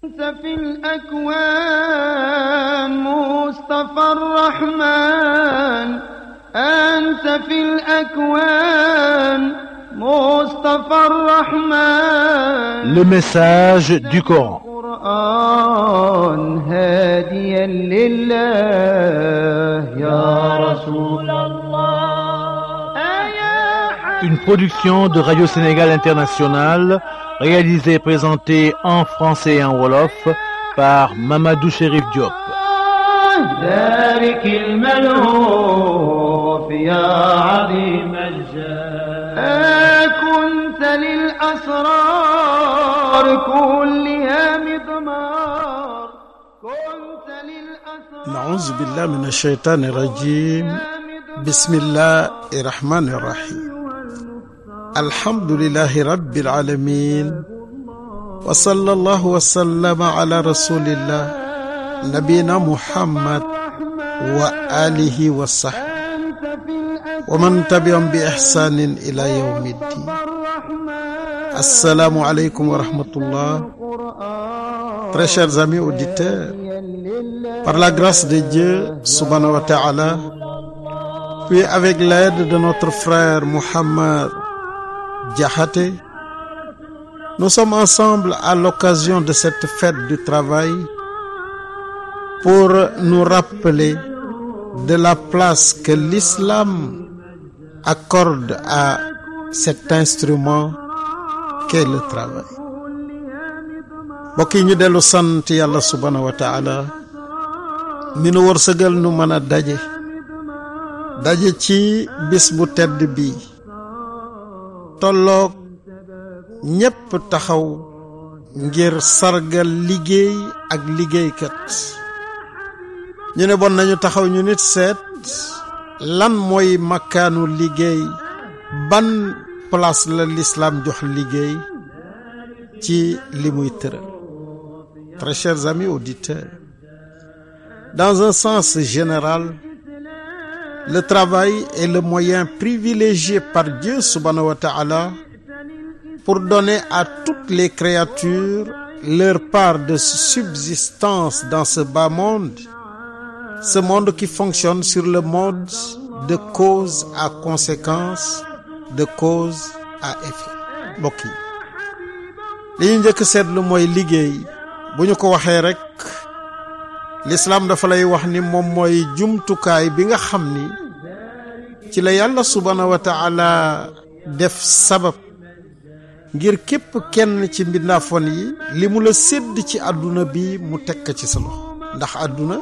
في الأكوان مصطفى الرحمن أنت في الأكوان مصطفى الرحمن Le message du Coran القرآن هاديا لله يا رسول الله Une production de Radio Sénégal Internationale réalisé et présenté en français et en wolof par Mamadou Chérif Diop. نعوذ بالله من الشيطان الرجيم بسم الله الرحمن الرحيم alhamdulilahi rabbil alamin wa sallallahu wa sallama ala rasulillah nabina muhammad wa alihi wa sahbi wa man tabi'ahum bi ihsanin ila yawmi ddin assalaamu aleykum wa rahmatullah très chers amis auditeurs par la grâce de Dieu subhanahu wa ta'ala puis avec l'aide de notre frère Mohammed Diakhaté. Nous sommes ensemble à l'occasion de cette fête du travail pour nous rappeler de la place que l'islam accorde à cet instrument qu'est le travail mbokk yi ñu dellu sant yàlla subhaanahu wa mi nu wërsëgal nu mën a daje daje ci bis bu tedd bi tolloog ñépp taxaw ngir sargal liggéey ak liggéeykat ñu ne bon nañu taxaw ñu nit seet lan mooy makkaanu liggéey ban place la lislaam jox liggéey ci li muy tëral très chers amis auditeurs dans un sens général Le travail est le moyen privilégié par Dieu subhanahu wa ta'ala pour donner à toutes les créatures leur part de subsistance dans ce bas monde, ce monde qui fonctionne sur le mode de cause à conséquence, de cause à effet. mbokk yi li ñu njëkk seetlu mooy liggéey bu ñu ko waxee rekk lislaam dafa lay wax ni moom mooy jumtukaay bi nga xam ni ci la yàlla subhaanahu wa def sabab ngir képp kenn ci mbindaafoon yi li mu la sédd ci àdduna bi mu teg ci sa ndax àdduna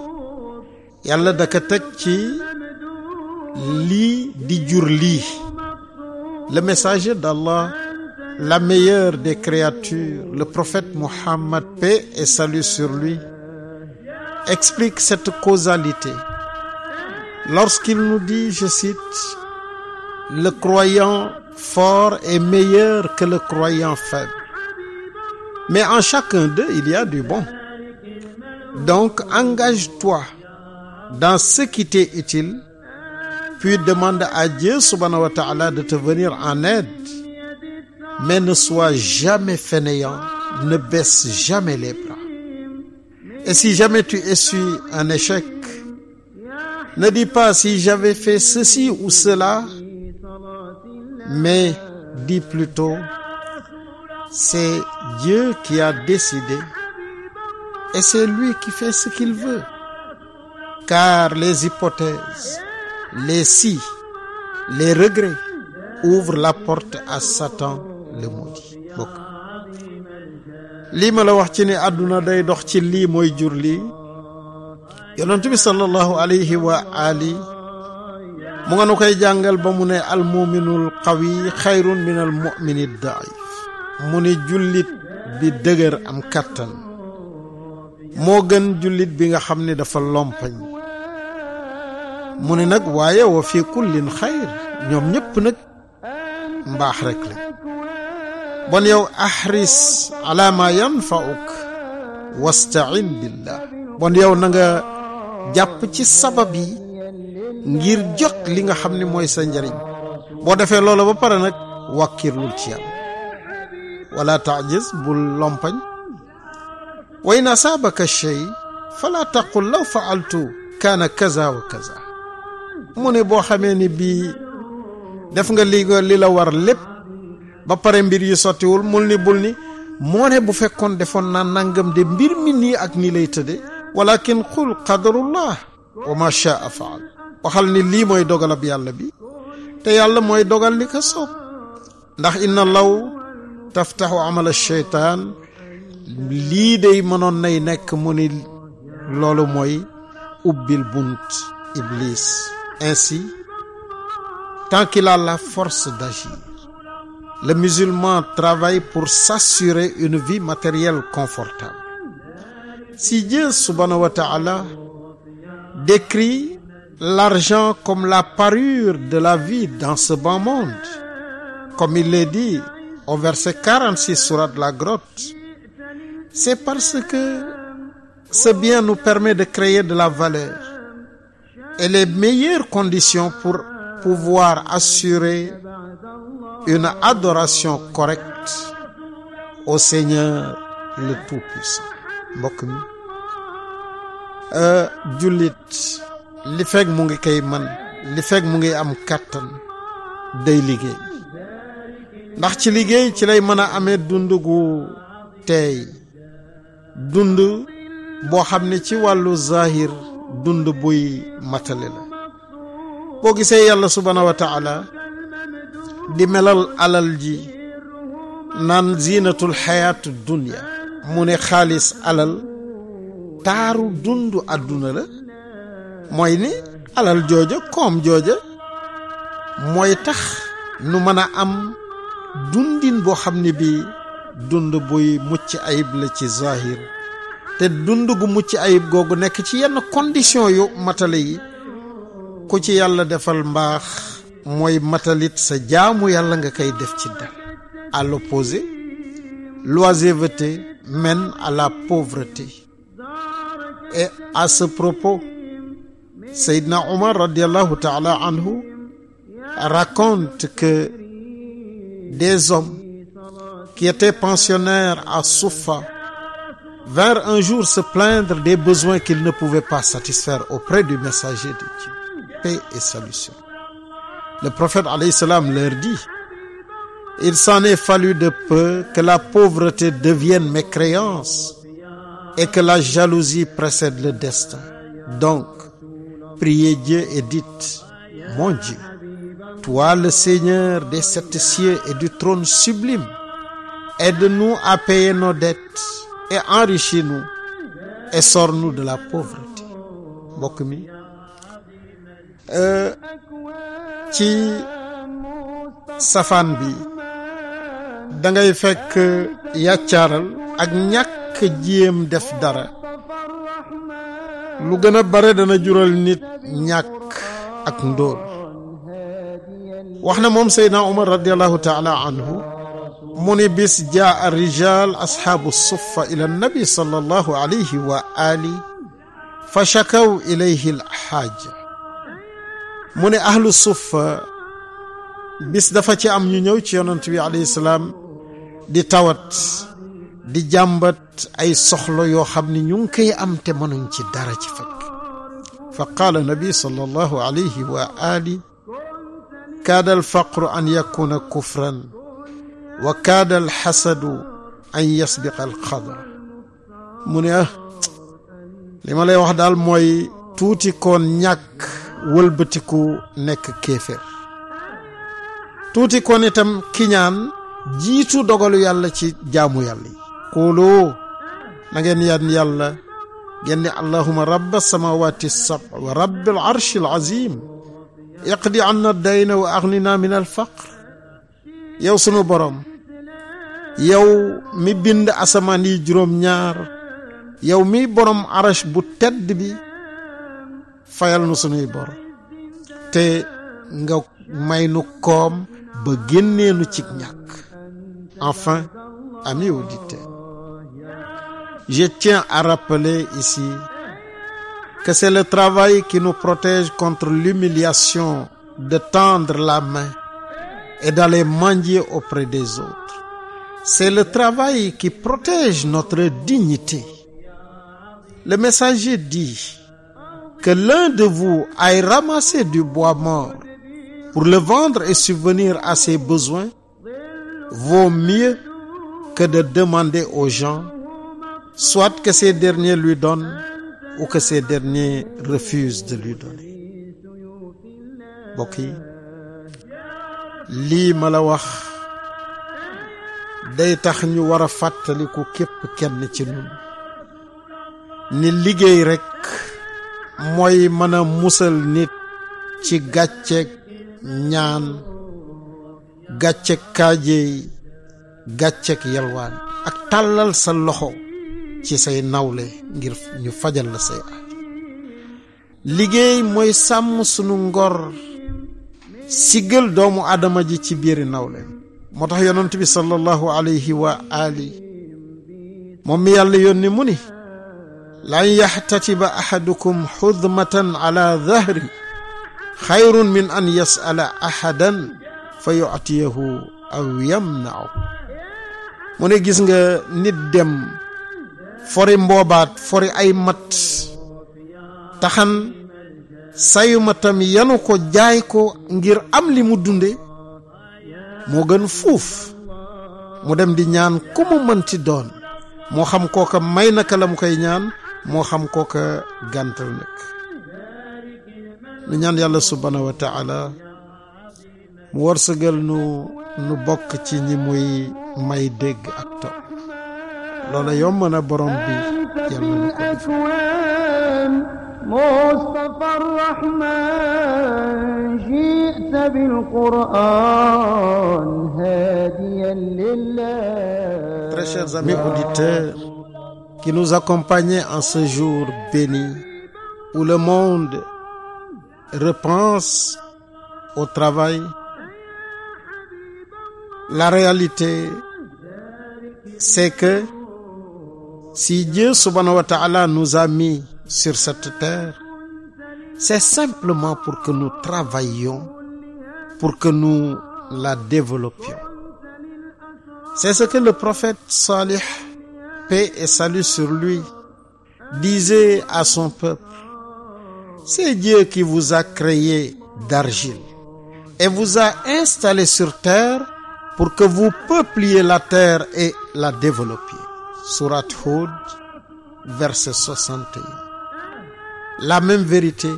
yàlla da ka teg ci lii di jur lii le messager d'Allah la meilleure des créatures le prophète Mohammed paix et salut sur lui explique cette causalité. Lorsqu'il nous dit, je cite, le croyant fort est meilleur que le croyant faible. Mais en chacun d'eux, il y a du bon. Donc engage-toi dans ce qui t'est utile, puis demande à Dieu subhanahu wa ta'ala de te venir en aide. Mais ne sois jamais fainéant, ne baisse jamais les Et si jamais tu essuies un échec, ne dis pas si j'avais fait ceci ou cela, mais dis plutôt, c'est Dieu qui a décidé et c'est lui qui fait ce qu'il veut. Car les hypothèses, les si, les regrets ouvrent la porte à Satan le maudit. lii ma la wax ci ne àdduna day dox ci lii mooy jur lii yonent bi sallallahu alayhi wa mu nga nu koy jàngal ba mu ne almuminul qawi xayrun min mumini daif mu ne jullit bi dëgër am kàttan moo gën jullit bi nga xam ne dafa lompañ mu ne nag waaye wa fi kullin xayr ñoom ñëpp nag mbaax rek la bon yow ahris ala ma yanfauk wastain billah bon yow nanga jàpp ci sabab yi ngir jot li nga xam ni mooy sa njariñ boo defee loolu ba pare nag wàkkirlul ci yàlla wala taajis bul lompañ wa in asaabaka shay fala taqul law faaltu kaana kaza wa kaza mu ne boo xamee ni bii def nga li li la war lépp ba pare mbir yi sottiwul mul ni bul ni moo ne bu fekkoon defoon naa nangam de mbir mi nii ak nii lay tëdde walakin qul qadarullah wa ma shaa faal waxal ni lii mooy dogalab yàlla bi te yàlla mooy dogal ni ko soob ndax inna law taftaxu amala sheytaan lii day mënoon nay nekk mu ni loolu mooy ubbil bunt iblis ainsi tant qu'il a la force d'agir Le musulman travaille pour s'assurer une vie matérielle confortable. Si Dieu comme la parure de la vie dans ce bon monde, comme il l'est de la grotte, c'est parce que bien nous permet de créer de la valeur et les pour pouvoir assurer une adoration correcte au Seigneur le Tout-Puissant mbokk mi euh, jullit li fekk mu ngi koy man li fekk mu ngi am kàttan day liggéey ndax ci liggéey ci lay mën a amee dund gu teey dund boo xam ne ci wàllu zahir dund buy matale la boo gisee yàlla subhaanahu wa taala di melal alal ji naan ziinatul xayaatu dunya mu ne xaalis alal taaru dundu àdduna la mooy ni alal jooja koom jooja mooy tax nu mën a am dundin boo xam ne bii dund buy mucc ayib la ci zahir te dund gu mucc ayib googu nekk ci yenn condition yu matale yi ku ci yàlla defal mbaax mooy matalit sa jaamu yàlla nga kay def ci dal à l'opposé l'oisiveté mène à la pauvreté et à ce propos Seydina Omar radiallahu taala anhu raconte que des hommes qui étaient pensionnaires à Soufa vinrent un jour se plaindre des besoins qu'ils ne pouvaient pas satisfaire auprès du messager de Dieu. paix et solution. Le prophète alayhi leur dit, il s'en est fallu de peu que la pauvreté devienne mécréance et que la jalousie précède le destin. Donc, priez Dieu et dites, mon Dieu, toi le Seigneur des sept cieux et du trône sublime, aide-nous à payer nos dettes et enrichis-nous et sors-nous de la pauvreté. mbokk mi Euh, ci safaan bi dangay fekk yàccaaral ak ñàkk jéem def dara lu gën a bare dana jural nit ñàkk ak ndóol wax na moom Seydina Omar radiallahu taala anhu mu bis jaa rijaal asxaabu suffa ila nabi sallallahu alayhi wa ali fa shakaw ilayhi alxaaja mu ne ahlu suffa euh, bis dafa ci am ñu ñëw ci yonent bi alayhi salaam di tawat di jàmbat ay soxla yoo xam ne ñu am te mënuñ ci dara ci faj fa qaala nabi sallallahu alayhi wa ali kaada alfaqru an yakuna kufran wa kaada alxasadu an yasbiqa alqadar mu ne ah li ma lay wax daal mooy tuuti koon ñàkk wëlbatiku nekk kéeféer tuuti kon itam kiñaan jiitu dogalu yàlla ci jaamu yàlla yi xuoloo na ngeen yaan yàlla ngeen ni allahuma rabba samawati sab wa rabbil arshi al azim iqdi anna dayna wa aghnina min al faqr yow sunu borom yow mi bind asamaan yi juróom ñaar yow mi borom arash bu tedd bi fayal nu sunuy nga may nu koom ba génnee nu cig ñàkk enfin amis auditeurs je tiens à rappeler ici que c'est le travail qui nous protège contre l'humiliation de tendre la main et d'aller mendier auprès des autres c'est le travail qui protège notre dignité le messager dit que l'un de vous aille ramasser du bois mort pour le vendre et subvenir à ses besoins vaut mieux que de demander aux gens, soit que ces derniers lui donnent ou que ces derniers refusent de lui donner. mbokk yi lii ma la wax day tax ñu war a fàttaliku képp kenn ci ñun ni liggéey rekk mooy mën a musal nit ci gàcceeg ñaan gàcceeg kaajeey gàcceeg yalwaan ak tàllal sa loxo ci say nawle ngir ñu fajal la say aaj liggéey mooy sàmm sunu ngor siggal doomu aadama ji ci biiri nawle moo tax yonent bi sallallahu alayhi wa moom mi yàlla yónni mu ni lan yaxtatiba axadukum xudmatan ala dahri xayrun min an yasala axadan fa yuctiyahu aw yamnaaw mu ne gis nga nit dem fori mboobaat fori ay mat taxan sayu matam yanu ko jaay ko ngir am li mu dunde moo gën fuuf mu dem di ñaan ku mu mënti doon moo xam kooka may naka la mu koy ñaan moo xam kooka gàntal nag nu ñaan yàlla subhaanahu wa taala mu wërsëgal nu nu bokk ci ñi muy may dégg ak topp loola yomb na borom bi yàlla nu ko Mustafa Rahman ji'ta bil Qur'an hadiyan lillah Très chers amis auditeurs qui nous accompagnait en ce jour béni où le monde repense au travail. La réalité, c'est que si Dieu subhanahu wa ta'ala nous a mis sur cette terre, c'est simplement pour que nous travaillions, pour que nous la développions. C'est ce que le prophète Salih paix et salut sur lui, disait à son peuple, c'est Dieu qui vous a créé d'argile et vous a installé sur terre pour que vous peupliez la terre et la développiez. Surat Hud, verset 61. La même vérité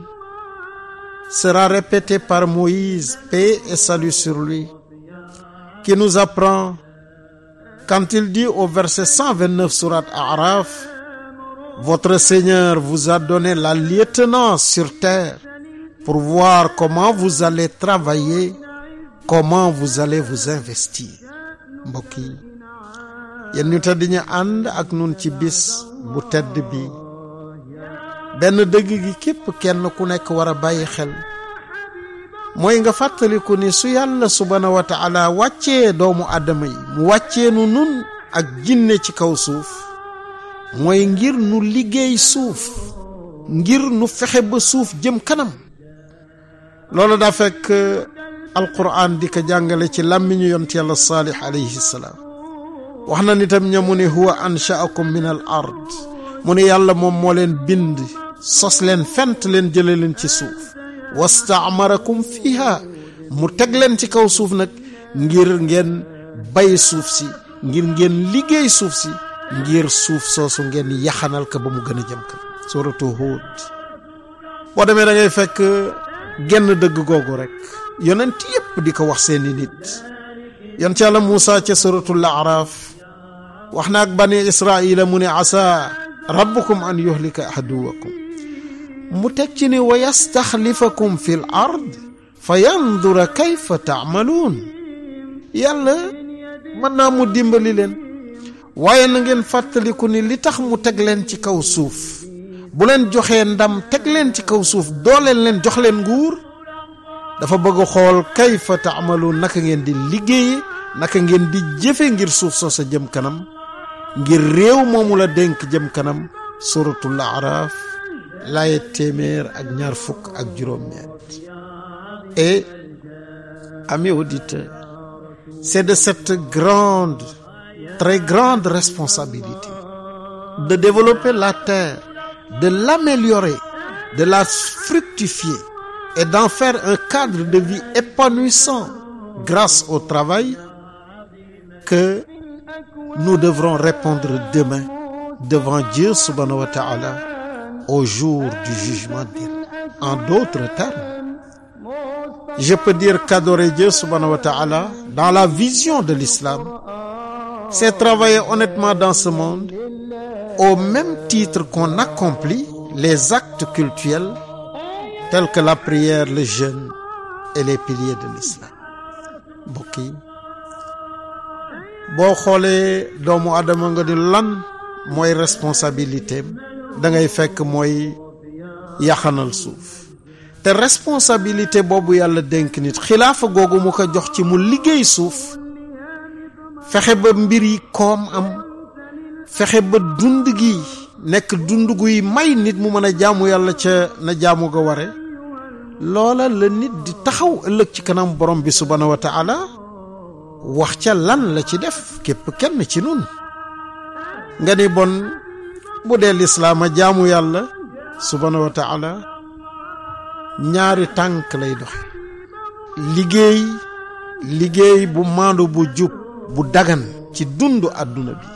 sera répétée par Moïse, paix et salut sur lui, qui nous apprend quand il dit au verset 129 sourate Araf, votre Seigneur vous a donné la lieutenance sur terre pour voir comment vous allez travailler, comment vous allez vous investir mbokk yi yéen ñu tedd ñu ànd ak nun ci bis bu tedd bi benn dëgg gi képp kenn ku nekk war a bàyyi xel mooy nga fàttaliku ni su yàlla subhaanahu wa taala wàccee doomu aadama yi mu wàccee nu nun ak jinne ci kaw suuf mooy ngir nu liggéey suuf ngir nu fexe ba suuf jëm kanam loolu daa fekk uh, alquran di ko jàngale ci làmmiñu yont yàlla saalix alayhi salaam wax na nitam ña mu ne huwa anshaakum min al mu ne yàlla moom moo leen bind sos leen fent leen jële leen ci suuf wastaamarakum fiha mu teg leen ci kaw suuf nag ngir ngeen bay suuf si ngir ngeen liggéey suuf si ngir suuf soosu ngeen yaxanal ko ba mu gën a jëm ka suratu Hud boo demee da fekk genn dëgg googu rek yonent di ko wax seeni nit yonent yàlla Muusa ca suratul Araf wax na bani Israila mu ne asa rabbukum an yuhlika aduwakum mu teg ci ne wa yastaxlifakum fil ard fa yandura kayfa taamaluun yàlla mën naa mu dimbali leen waaye na ngeen fàttaliku ne li tax mu teg leen ci kaw suuf bu leen joxee ndam teg leen ci kaw suuf dooleen leen jox leen nguur dafa bëgg xool kayfa taamaluun naka ngeen di liggéeye naka ngeen di jëfe ngir suuf soo sa jëm kanam ngir réew moomu la dénk jëm kanam suratul araaf la téeméer ak ñaar ak juróom-ñeent et amis auditeurs c'est de cette grande très grande responsabilité de développer la terre de l'améliorer de la fructifier et d'en faire un cadre de vie épanouissant grâce au travail que nous devrons répondre demain devant Dieu subhanahu wa au jour du jugement dernier. En d'autres termes, je peux dire qu'adorer Dieu subhanahu wa ta'ala dans la vision de l'islam, c'est travailler honnêtement dans ce monde au même titre qu'on accomplit les actes cultuels tels que la prière, le jeûne et les pilier de l'islam mbokk yi boo xoolee doomu adama nga di lan mooy responsabilité da ngay fekk mooy yaxanal suuf te responsabilité boobu yàlla dénk nit xilaafa googu mu ko jox ci mu liggéey suuf fexe ba mbir yi koom am fexe ba dund gi nekk dund guy may nit mu mën a jaamu yàlla ca na jaamu ga ware loola la nit di taxaw ëllëg ci kanam borom bi subhaanahu wa taala wax ca lan la ci def képp kenn ci nun nga ni bon bu dee a jaamu yàlla subhaanahu wa ñaari tànk lay doxe liggéey liggéey bu maandu bu jub bu dagan ci dundu àdduna bi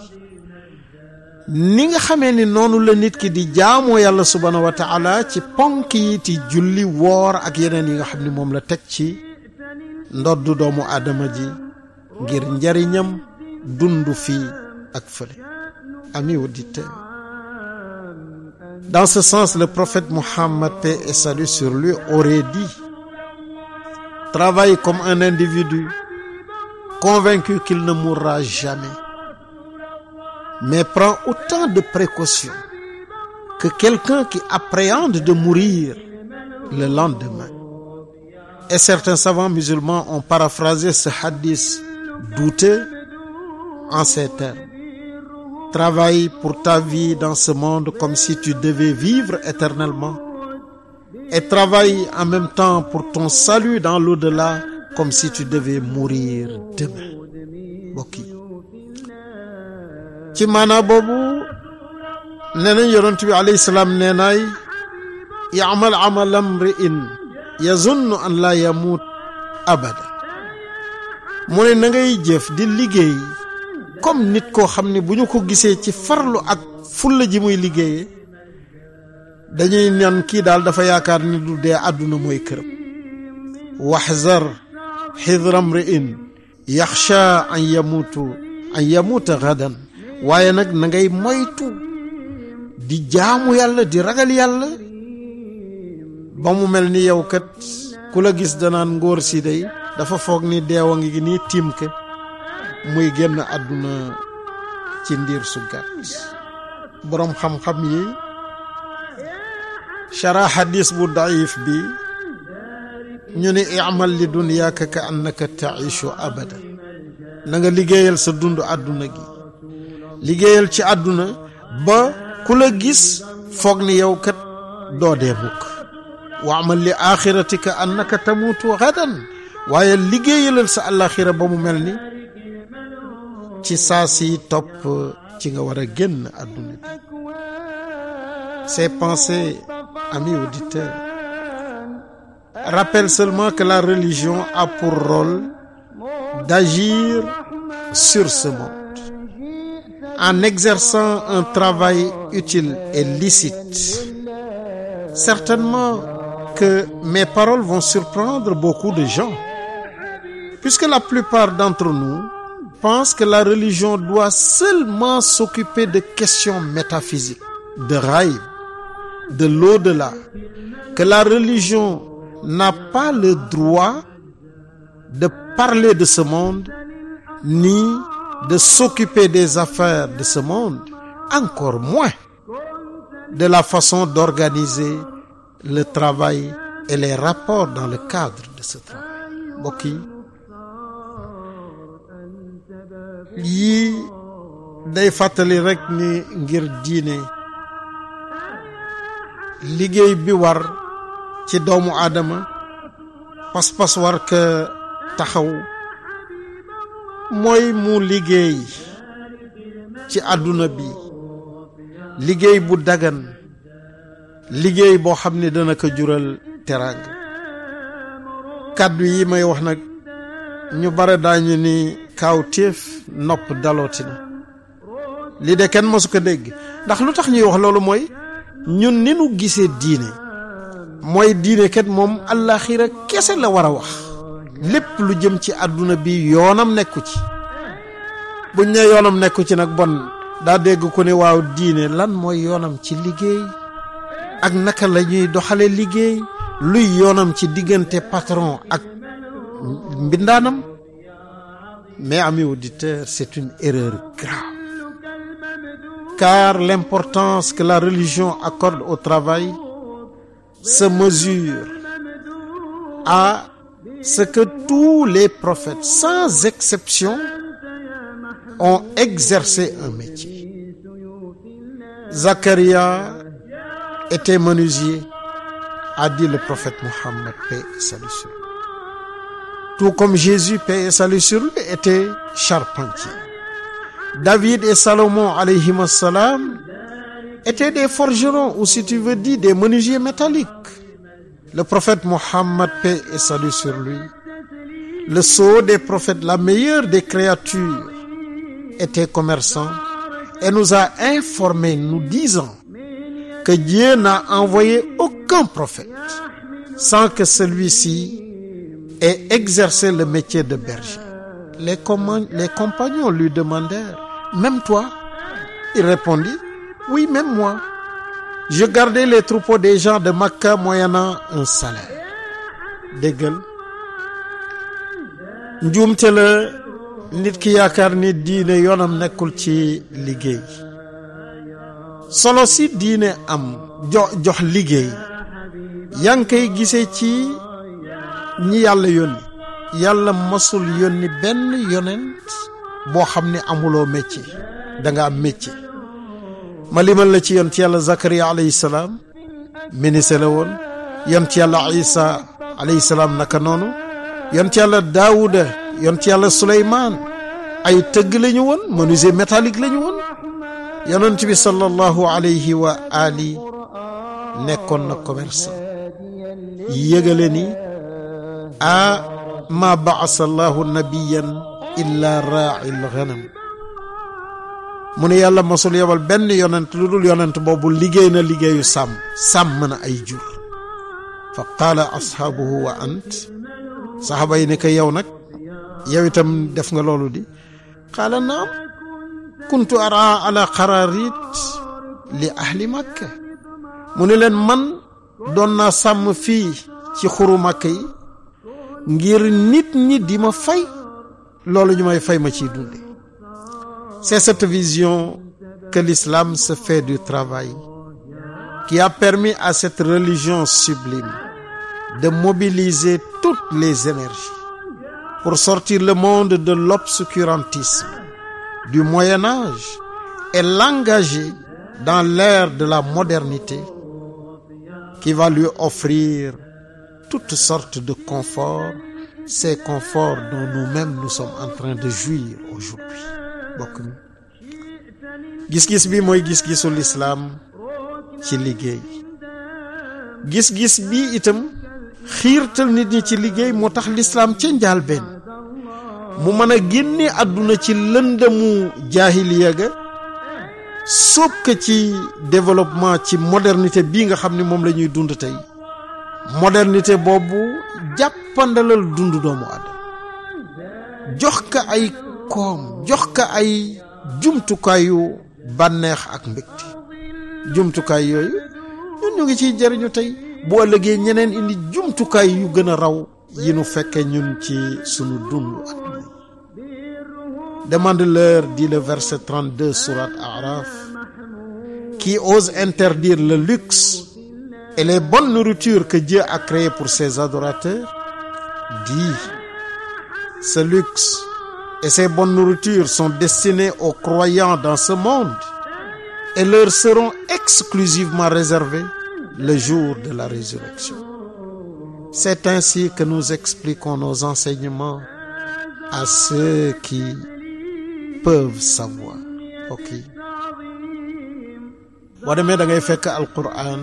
ni nga xamee ni noonu la nit ki di jaamoo yàlla subhaanahu wa taala ci ponk yi ti julli woor ak yeneen yi nga xam ni moom la teg ci ndoddu doomu aadama ji ngir njariñam dund fii ak fële ami auditeur Dans ce sens, le prophète Mohammed, paix et salut sur lui, aurait dit, travaille comme un individu convaincu qu'il ne mourra jamais, mais prends autant de précautions que quelqu'un qui appréhende de mourir le lendemain. Et certains savants musulmans ont paraphrasé ce hadith douteux en ces termes. Travaille pour ta vie dans ce monde comme si tu devais vivre éternellement. Et travaille en même temps pour ton salut dans l'au-delà comme si tu devais mourir demain mbokk yi ci maanaa boobu nee nañ yonent bi alayhi salaam nee naay yaamal amalam ri'in an laa yamuut abada mu ne na ngay jëf di liggéey comme nit koo xam ne bu ñu ko gisee ci farlu ak fulla ji muy liggéeyee dañuy ñan kii daal dafa yaakaar ni du dee àdduna mooy këram waxsar xidram ri'in yaxsha an yamutu an yamuta gadan waaye nag nangay ngay moytu di jaamu yàlla di ragal yàlla ba mu mel ni yow kat ku la gis danaan ngóor si day dafa foog ni deewa ngi nii tiim ke muy génn àdduna ci ndiir su gàtt boroom xam-xam yi shara bu daif bi ñu ne imal li dunyaaka ka annaka taishu abada na nga liggéeyal sa dund àdduna gi liggéeyal ci àdduna ba ku la gis foog ni yow kat doo dee mukk waamal li axiratika annaka tamuutu gadan waaye liggéeyalal sa àllaxira ba mu mel ni ci si topp ci nga war a génn àdduna bi ces pensées amis auditeurs rappellent seulement que la religion a pour rôle d'agir sur ce monde en exerçant un travail utile et licite certainement que mes paroles vont surprendre beaucoup de gens puisque la plupart d'entre nous pense que la religion doit seulement s'occuper de questions métaphysiques, de rail, de l'au-delà, que la religion n'a pas le droit de parler de ce monde, ni de s'occuper des affaires de ce monde, encore moins de la façon d'organiser le travail et les rapports dans le cadre de ce travail. Mbokk yi yii day fàttali rekk ni ngir diine liggéey bi war ci doomu aadama pas-pas war ka taxaw mooy mu liggéey ci àdduna bi liggéey bu dagan liggéey boo xam ne dana ko jural teraanga kàddu yi may wax nag ñu bare daañu ni kaw téef nopp dalooti na lii de kenn mësu ko dégg ndax lu tax ñuy wax loolu mooy ñun ni nu gisee diine mooy diine kat moom àllaaxira kese la war a wax lépp lu jëm ci àdduna bi yoonam nekku ci buñ ne yoonam nekku ci nag bon daa dégg ko ne waaw diine lan mooy yoonam ci liggéey ak naka la ñuy doxale liggéey luy yoonam ci diggante patron ak mbindaanam mais amis auditeurs c'est une erreur grave car l'importance que la religion accorde au travail se mesure à ce que tous les prophètes sans exception ont exercé un métier Zacharia était menuisier a dit le prophète Mohammed paix et salut sur tout comme Jésus, paix et salut sur lui, était charpentier. David et Salomon, alayhim étaient des forgerons ou si tu veux dire des menuisiers métalliques. Le prophète Mohammed, paix et salut sur lui, le sceau des prophètes, la meilleure des créatures, était commerçant et nous a informés, nous disant que Dieu n'a envoyé aucun prophète sans que celui-ci et exerçait le métier de berger. Les, com les compagnons lui demandèrent, Même toi Il répondit, Oui, même moi. Je gardais les troupeaux des gens de Makka moyennant un salaire. déggal njuumte la nit ki yaakaar ni diine yoonam nekkul ci liggéey solo si diine am jox jox liggéey yaa ngi koy gisee ci ñi yàlla yónni yàlla mosul yónni benn yonent boo xam ne amuloo métier danga nga am métier ma la ci yonent yàlla Zakaria alayhi salaam ministre la woon yonent yàlla Isa alayhi salaam naka noonu yonent yàlla Daawuda yonent yàlla Suleymaan ay tëgg la ñu woon menuisier métallique la ñu woon yonent bi sallallahu alayhi wa ali nekkoon na commerçant yëgale ah ma baasa allahu nabiyan illa raa'il ghanam mu ne yàlla mosul yebal benn yonent lu dul yonent boobu liggéey na liggéeyu sàmm sàmm na ay jur fa qaala ashaabuhu wa ant saxaaba yi ne ko yow nag yow itam def nga loolu di qaala naam kuntu ara ala xaraarit li ahli makka mu ne leen man doon naa sàmm fii ci xuru makka yi ngir nit ñi di ma fay loolu ñu may fay ma ciy dunde c'est cette vision que l'islam se fait du travail qui a permis à cette religion sublime de mobiliser toutes les énergies pour sortir le monde de l'obscurantisme du Moyen Âge et l'engager dans l'ère de la modernité qui va lui offrir toutes sortes de conforts, ces conforts dont nous-mêmes en train de jouir gis-gis bi mooy gis-gisu lislaam ci liggéey gis-gis bi itam xiirtal nit ñi ci liggéey moo tax lislaam ca njaal benn mu mën a génne àdduna ci lëndëmu jaahiliya ga sóob ko ci développement ci modernité bii nga xam ni moom lañuy dund tey modernité boobu jàppandalal dundu doomu aadama jox ko ay koom jox ka ay jumtukaayu bànneex ak mbégte jumtukaay yooyu ñun ñu ngi ciy jëriñu tey bu ëllëgee ñeneen indi jumtukaay yu gën a raw yi nu fekke ñun ci sunu dund adduna demande-leur dit le verset 32 sourate Araf qui ose interdire le luxe et les bonnes nourritures que Dieu a créées pour ses adorateurs, dit, ce luxe et ces bonnes nourritures sont destinées aux croyants dans ce monde et leur seront exclusivement réservées le jour de la résurrection. C'est ainsi que nous expliquons nos enseignements à ceux qui peuvent savoir. Ok boo demee da ngay fekk Alquran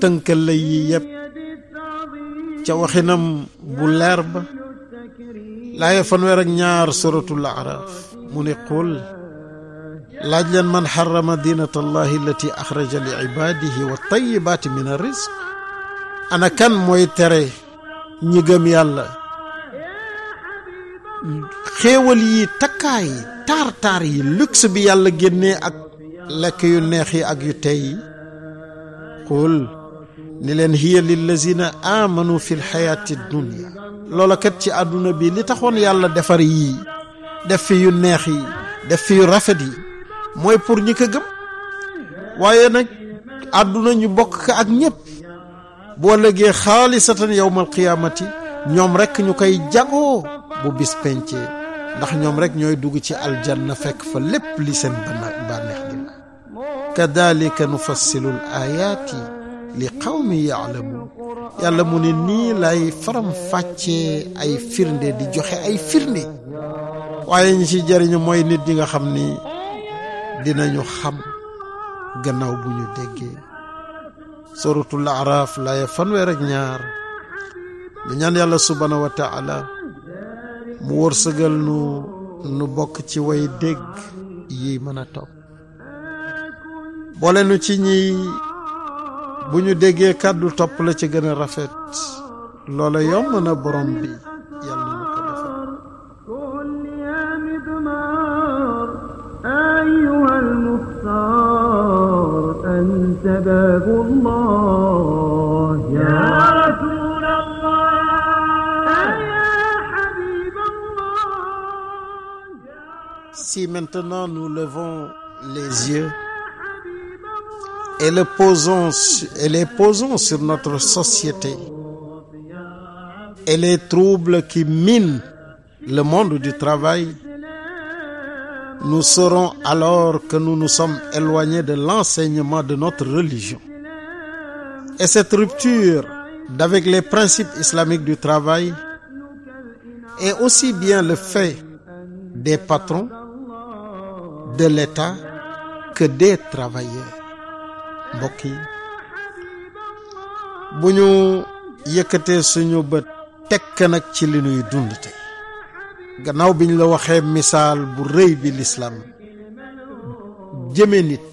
tënkal la yi ca waxinam bu leer ba laaye fanweer ñaar suratul araaf mu ne qul laaj leen man xarama diinata allahi allati li ibaadihi wa tayibaati min ar risq ana kan mooy tere ñi gëm yàlla xéewal yi takkaay taar-taar yi luxe bi yàlla génnee ak lekk yu neex yi ak yu tey qul ni leen hiya lillazina amanu fi lxayaati dunia loola kat ci àdduna bi li taxoon yàlla defar yii def fi yu neex yi def fi yu rafet yi mooy pour ñi ko gëm waaye nag àdduna ñu bokk ko ak ñëpp boo lëgee xaalisatan yowmal qiyaamati ñoom rekk ñu koy jagoo bu bis ndax ñoom rekk ñooy dugg ci aljanna fekk fa lépp li seen bànneex di kadalika nufassilu l ayaati li qawmi yaalamu yàlla mu ne nii lay faram fàccee ay firnde di joxe ay firnde waaye ñi ci jariñu mooy nit ñi nga xam ni dinañu xam gannaaw bu ñu déggee suratul araf laaya fanweer ak ñaar ñu ñaan yàlla subhaanahu wa taala mu wërsëgal nu nu bokk ci way dégg yi mën a topp boole ci ñiy bu ñu déggee kàddu topp la ci gën a rafet loola yomb na borom bi yàlla na ko defal Si maintenant nous levons les yeux et, le posons, les posons sur notre société et les troubles qui minent le monde du travail, nous saurons alors que nous nous sommes éloignés de l'enseignement de notre religion. Et cette rupture d'avec les principes islamiques du travail est aussi bien le fait des patrons, de l'État que des travailleurs. mbokk yi bu ñu yëkkatee suñu bët tekk nag ci li nuy dund tey gannaaw bi ñu la waxee misaal bu rëy bi lislaam jëme nit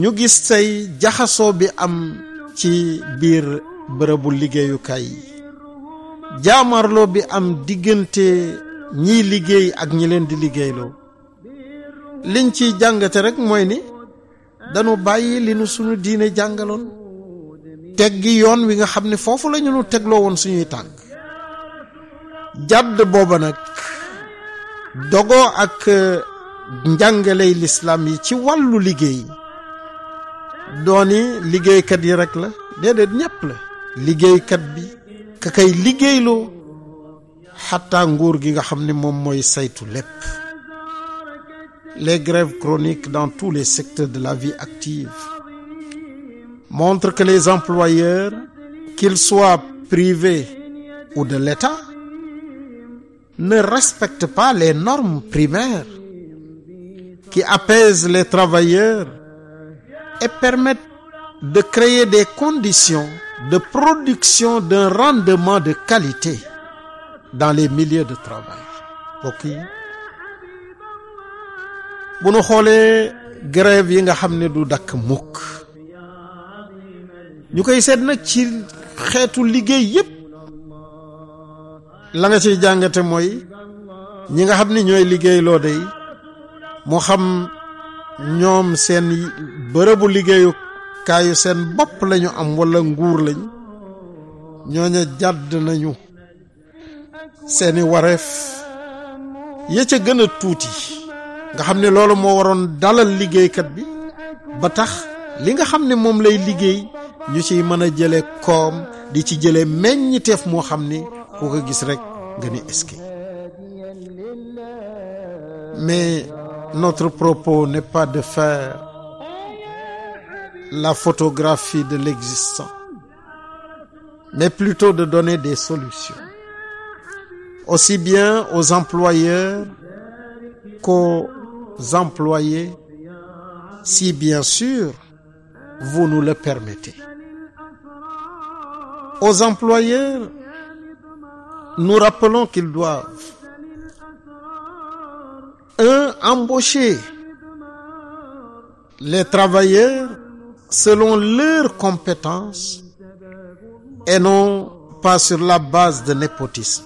ñu gis say jaxasoo bi am ci biir bërëbu liggéeyukaay yi jaamarloo bi am diggante ñiy liggéey ak ñi leen di liggéeyloo liñ ciy jàngate rek mooy ni dañu bàyyi li nu suñu diine jàngaloon teggi yoon wi nga xam ni foofu lañu nu tegloo woon suñuy tànk jàdd booba nag dogoo ak euh, njàngaley lislaam yi ci wàllu liggéey dooni liggéeykat yi rek la déedéet ñépp la liggéeykat bi ka kay liggéeyloo xataa nguur gi nga xam ne moom mooy saytu lépp les grèves chroniques dans tous les secteurs de la vie active montrent que les employeurs, qu'ils soient privés ou de l'État, ne respectent pas les normes primaires qui apaisent les travailleurs et permettent de créer des conditions de production d'un rendement de qualité dans les milliers de travail. bu nu xoolee grève yi nga xam ne du dakk mukk ñu koy seet nag ci xeetu liggéey yépp la nga ciy jàngate mooy ñi nga xam ni ñooy liggéey loo day mu xam ñoom seen bërëbu liggéeyu kaayu seen bopp lañu am walla nguur lañ ñooña jàdd nañu seeni wareef ya ca gën a tuuti nga xam ne loolu moo waroon dalal liggéeykat bi ba tax li nga xam ne moom lay liggéey ñu ci mën a jële koom di ci jële meññiteef moo xam ni ku ko gis rek nga ni eske mais notre propos ne pas de faire la photographie de l'existant mais plutôt de donner des solutions aussi bien aux employeurs qu'aux employés si bien sûr vous nous le permettez. Aux employeurs, nous rappelons qu'ils doivent un, embaucher les travailleurs selon leurs compétences et non pas sur la base de népotisme.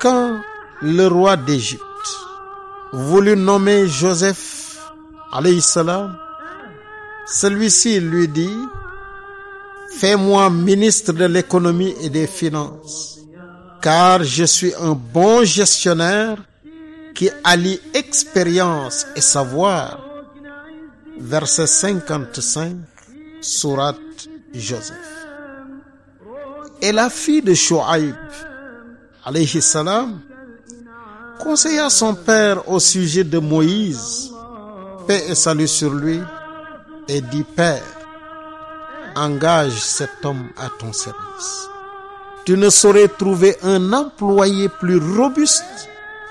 Quand le roi d'Égypte voulut nommer Joseph, alayhi salam, celui-ci lui dit, Fais-moi ministre de l'économie et des finances, car je suis un bon gestionnaire qui allie expérience et savoir. Verset 55, sourate Joseph. Et la fille de Chouaïb, conseilla son père au sujet de Moïse, paix et salut sur lui, et dit Père, engage cet homme à ton service. Tu ne saurais trouver un employé plus robuste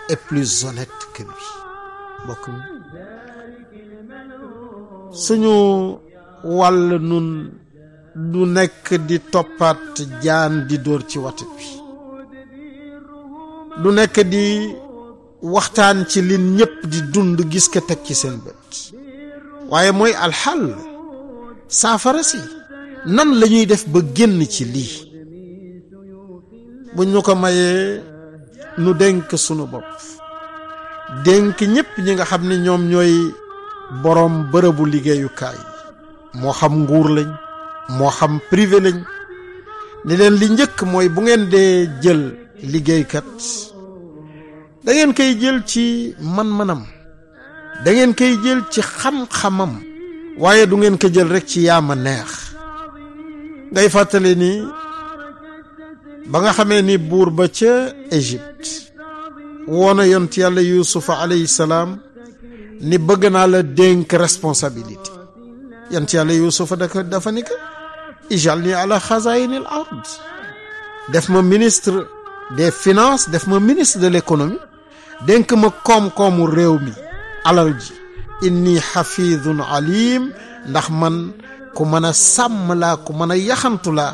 et plus honnête que lui. mbokk mi suñu wàll nun du nekk di toppaat jaan di dóor ci watit bi waxtaan ci lin ñépp di dund gis ko teg ci seen bët waaye mooy alxal saafara si nan lañuy def ba génn ci lii bu ñu ko mayee nu dénk sunu bopp dénk ñépp ñi nga xam ne ñoom ñooy boroom bërëbu liggéeyukaay moo xam nguur lañ moo xam privé lañ ni leen li njëkk mooy bu ngeen dee jël liggéeykat dangeen ngeen koy jël ci man-manam da ngeen koy jël ci xam-xamam waaye du ngeen ko jël rek ci yaama neex ngay fàttali ni ba nga xamee ni buur ba ca Égypte woona yont yàlla yuusufa alayhi salaam ni bëgg naa la dénk responsabilité yont yàlla yuusufa daka dafa ni ko ijal ni ala xazaayinil ard def ma ministre des finances def ma ministre de l'économie dénk ma koom-koomu réew mi alal ji inni xafidun alim ndax man ku mën a sàmm laa ku mën a yaxantu laa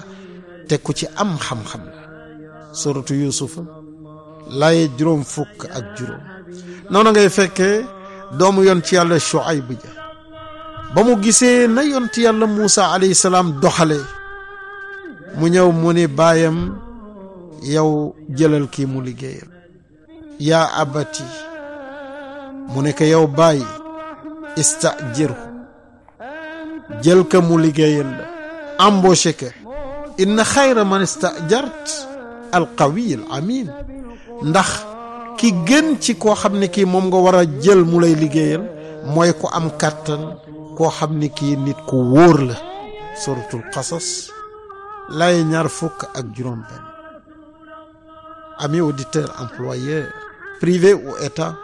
te ku ci am xam-xam la suratu yuusufa laaye juróom fukk ak juróom noonu ngay fekkee doomu yont yàlla Shuayb ja ba mu gisee na yont yàlla Muusa alayhi salaam doxale mu ñëw mu ni baayam yow jëlal kii mu liggéeyal yaa abati mu ne ko yow bàyyi istajirhu jël ka mu liggéeyal la embauché ka inna xayra man istajart alqawiy al ndax ki gën ci koo xam ne kii moom nga war a jël mu lay liggéeyal mooy ku am kàttan koo xam ne kii nit ku wóor la suratul qasas lay ñaar fukk ak juróom benn amis auditeurs employeurs privé ou État.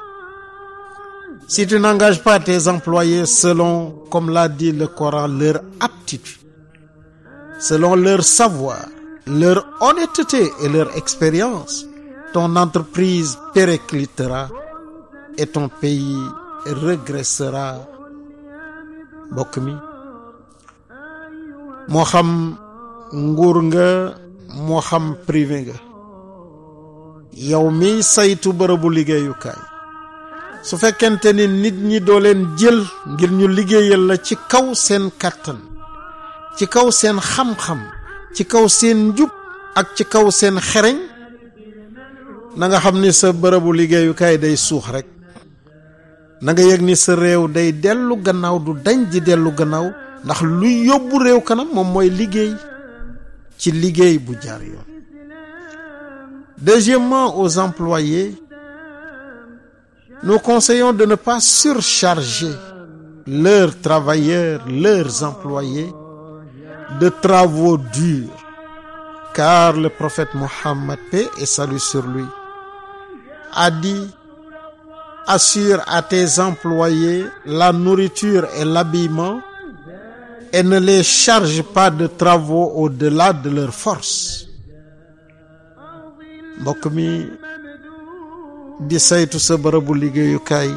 Si tu n'engages pas tes employés selon, comme l'a dit le Coran, leur aptitude, selon leur savoir, leur honnêteté et leur expérience, ton entreprise périclitera et ton pays régressera. mbokk mi moo xam xam privé yow miy saytu bërëbu liggéeyukaay su fekkente ni nit ñi doo leen jël ngir ñu liggéeyal la ci kaw seen kàttan ci kaw seen xam-xam ci kaw seen njub ak ci kaw seen xereñ nanga xam ni sa bërëbu liggéeyukaay day suux rekk nanga nga yëg ni sa réew day dellu gannaaw du dañ di dellu gannaaw ndax luy yóbbu réew kanam moom mooy liggéey ci liggéey bu jaar yoon Deuxièmement, aux employés, nous conseillons de ne pas surcharger leurs travailleurs, leurs employés de travaux durs, car le prophète Mohammed, paix et salut sur lui, a dit, assure à tes employés la nourriture et l'habillement et ne les charge pas de travaux au-delà de leurs force. mbokk mi di saytu sa bërëbu liggéeyukaay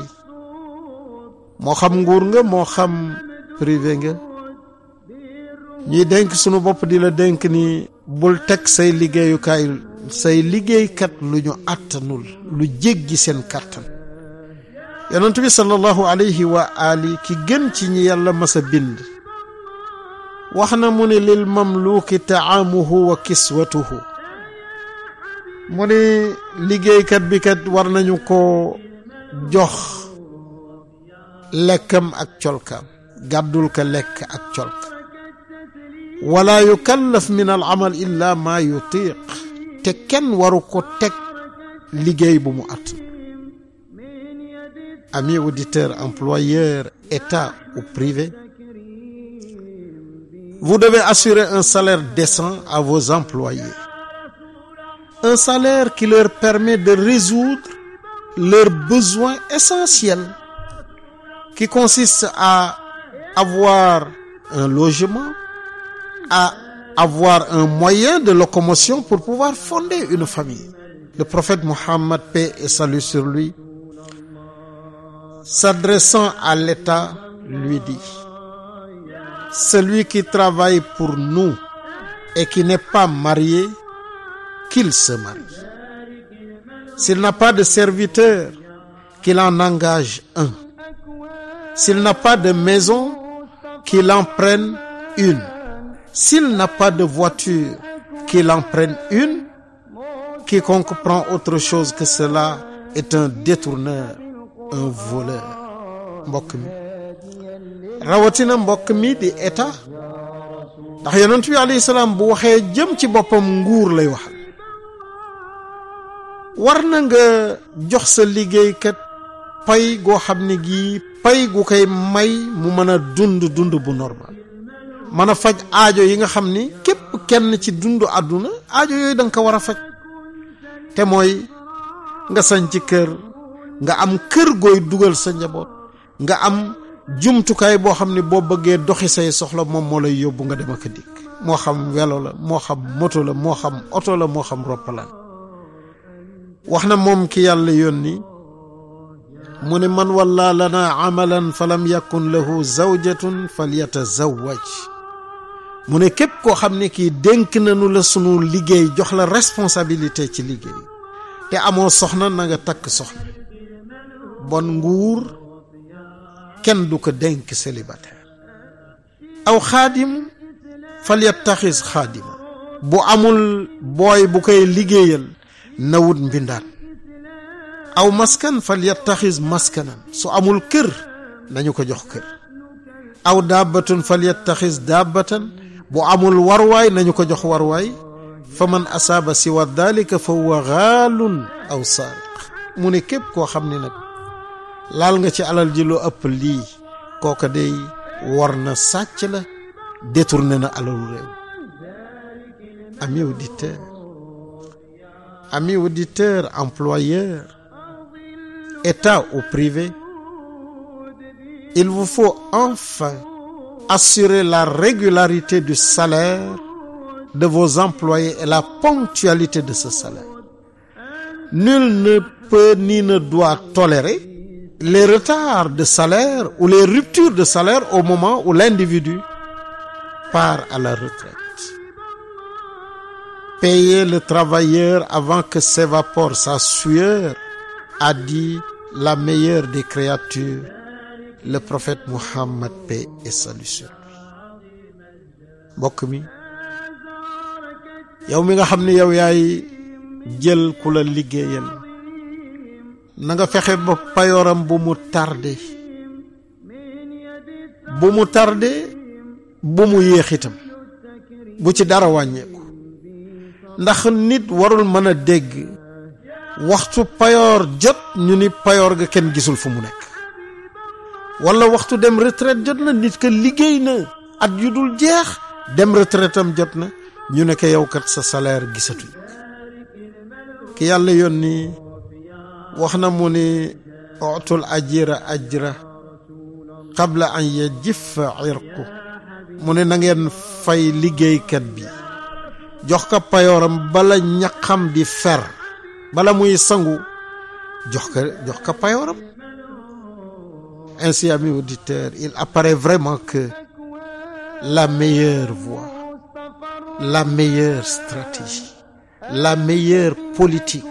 moo xam nguur nga moo xam privé nga ñuy dénk sunu bopp dina la dénk ni bul teg say liggéeyukaay say liggéeykat lu ñu àttanul lu jéggi seen kàttan yonent bi sallallahu alayhi wa ki gën ci ñi yàlla masa bind wax na mu ne lil mamluuki taamuhu wa kiswatuhu mu ni liggéeykat bi kat war nañu ko jox lekkam ak colkaam gàddul ka lekk ak colka wala yukallaf min al amal illa maa yutiq te kenn waru ko teg liggéey bu mu at amis auditeurs employeurs état ou privé vous devez assurer un salaire décent à vos employés un salaire qui leur permet de résoudre leurs besoins essentiels qui consistent à avoir un logement, à avoir un moyen de locomotion pour pouvoir fonder une famille. Le prophète Mohammed, paix et salut sur lui, s'adressant à l'État, lui dit: Celui qui travaille pour nous et qui n'est pas marié qu'il se marie. S'il n'a pas de serviteur, qu'il en engage un. S'il n'a pas de maison, qu'il en prenne une. S'il n'a pas de voiture, qu'il en prenne une. Quiconque prend autre chose que cela est un détourneur, un voleur. mbokk mi rawatina mbokk mi di état ndax yonent bi alayhi bu waxee jëm ci boppam nguur lay wax war na nga jox sa liggéeykat pay goo xam ne gii pay gu koy may mu mën a dund dund bu normal mën a faj aajo yi nga xam ni képp kenn ci dund àdduna aajo yooyu da nga ko war a faj te mooy nga sañ ci kër nga am kër gooy dugal sa njaboot nga am jumtukaay boo xam ne boo bëggee doxi say soxla moom moo lay yóbbu nga dem ak a dikk moo xam welo la moo xam moto la moo xam oto la moo xam roppalaan wax na moom ki yàlla yónni mu ne man walla lana amalan falam yakun lahu zawjatun falyatazawwaj mu ne képp koo xam ne kii dénk nañu la sunu liggéey jox la responsabilité ci liggéey te amoo soxna nanga takk soxna bon nguur kenn du ko dénk célibataire aw xaadim falyattaxis xaadima bu amul booy bu koy liggéeyal nawut wut mbindaan aw maskan fal yattaxis maskanan su amul kër nañu ko jox kër aw daabatun fal yattaxis daabatan bu amul warwaay nañu ko jox warwaay fa man asaaba siwa dalika fa huwa xaalun aw saariq mu ne képp koo xam ne nag laal nga ci alal ji loo ëpp lii kooka day war na sàcc la détourné na alalu réew am yow di teel amis auditeurs, employeurs, État ou privé, il vous faut enfin assurer la régularité du salaire de vos employés et la ponctualité de ce salaire. Nul ne peut ni ne doit tolérer les retards de salaire ou les ruptures de salaire au moment où l'individu part à la retraite. Payez le travailleur avant que s'évapore sa sueur, a dit la meilleure des créatures, le prophète Muhammad, paix et salut sur mbokk mi yow mi nga xam ni yow yaay jël ku la liggéeyal na nga fexe ba payoram bu mu tardé bu mu tardé bu mu yéex itam bu ci dara wàññeeku. ndax nit warul mën a dégg waxtu payoor jot ñu ni payoor ga kenn gisul fu mu nekk wala waxtu dem retraite jot na nit ka liggéey na at yu dul jeex dem retraite am jot na ñu ne ko yow kat sa salaire gisatuñ ki yàlla yónni wax na mu ni utul ajira ajra qabla an yajiffa irqu mu ne na ngeen fay liggéeykat bi jox ko payooram bala ñaqam di fer bala muy sangu jox ko jox ko payooram ainsi amis auditeurs il apparaît vraiment que la meilleure voie la meilleure stratégie la meilleure politique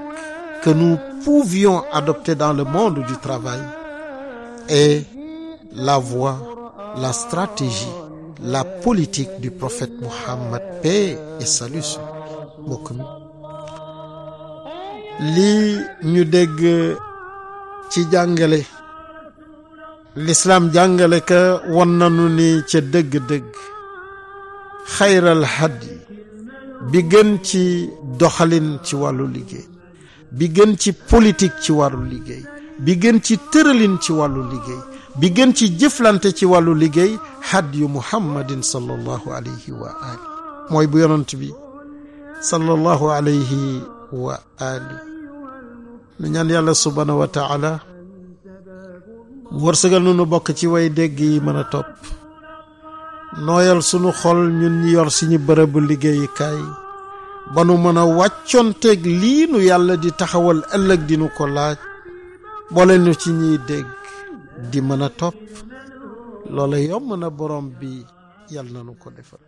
que nous pouvions adopter dans le monde du travail est la voie la stratégie la politique du prophète Muhammad paix et salut su ñu dégg ci jàngale lislaam jàngale ka won nanu ni ca dëgg-dëgg xayral hadi bi gën ci doxalin ci wàllu liggéey bi gën ci politik ci wàllu liggéey bi gën ci tëralin ci wàllu liggéey bi gën ci jëflante ci wàllu liggéey hadyu muhammadin sallallahu alayhi wa ali mooy bu yonent bi sallallahu alayhi wa ali nu ñaan yàlla subhanahu wa taala mu wërsëgal nu nu bokk ci way dégg yi mën a topp nooyal sunu xol ñun ñu yor suñu bërëbu liggéeyukaay ba nu mën a wàccoonteeg lii nu yàlla di taxawal ëllëg dinu ko laaj boole nu ci ñiy dégg di mën a topp loola yomb na borom bi yàlla na nu ko defal